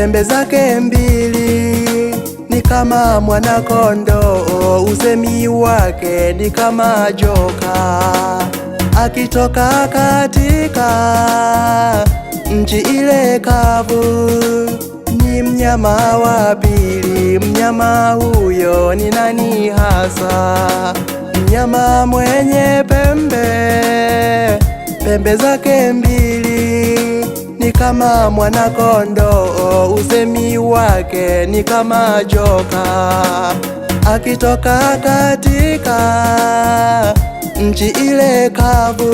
pembe zake mbili ni kama mwana kondoo, usemi wake ni kama joka. Akitoka katika nchi ile kavu, ni mnyama wa pili. Mnyama huyo ni nani hasa? Mnyama mwenye pembe pembe zake mbili ni kama mwana kondoo usemi wake ni kama joka akitoka katika nchi ile kavu.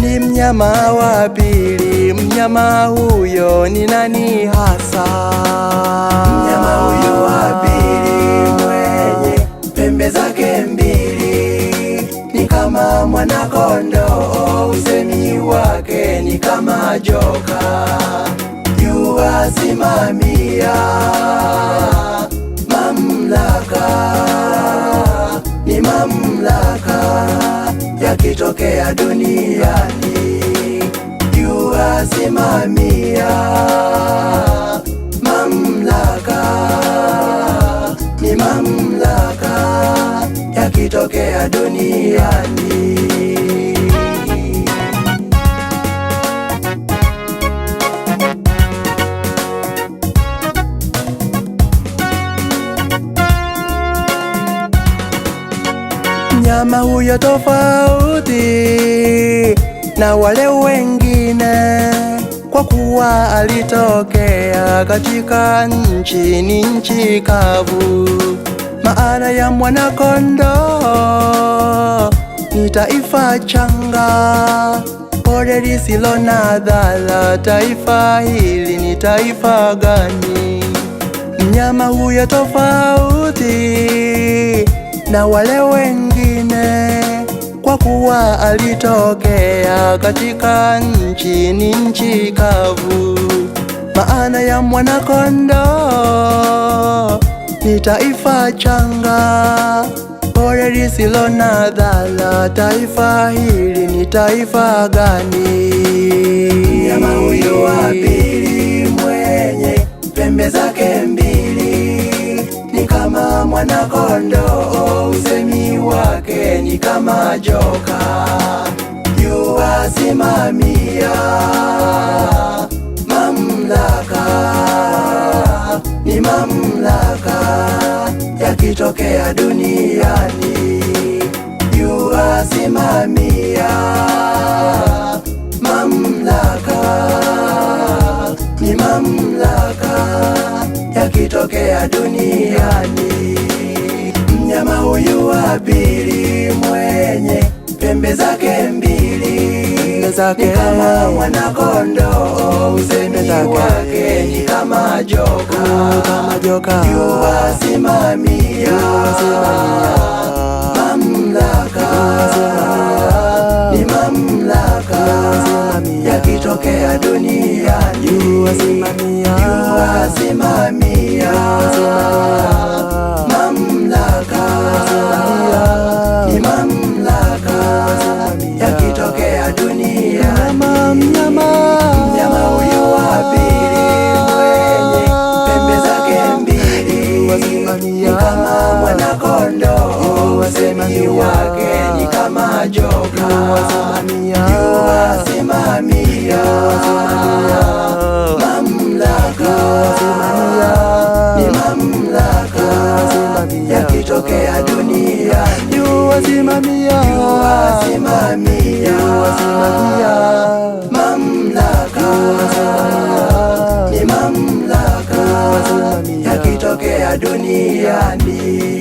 Ni mnyama wa pili. Mnyama huyo ni nani hasa? Mnyama huyo wa pili mwenye pembe zake mbili ni kama mwanakondo usemi wake ni kama joka yuwasimamia mamlaka ni mamlaka yakitokea duniani yuwasimamia mamlaka ni mamlaka yakitokea duniani mama huyo tofauti na wale wengine, kwa kuwa alitokea katika nchi ni nchi kavu. Maana ya mwanakondoo ni taifa changa, pole lisilo na dhala. Taifa hili ni taifa gani? Mnyama huyo tofauti na wale wengine, kwa kuwa alitokea katika nchi ni nchi kavu. Maana ya mwanakondoo ni taifa changa, pore lisilo na dhala. Taifa hili ni taifa gani? Mnyama huyu wa pili mwenye pembe zake mbili ni kama mwanakondoo ni kama joka simamia mamlaka, ni mamlaka yakitokea duniani simamia mamlaka, ni mamlaka yakitokea duniani Mnyama huyu wa pili mwenye pembe zake mbili zake kama mwanakondoo, usemi wake ni kama joka, yuwasimamia mamlaka, mamlaka yakitokea duniani wasimamia ni kama mwanakondo, wasemi wake ni kama joka, wasimamia mamlaka ni mamlaka yakitokea ni wasimamia mamlaka kutokea duniani.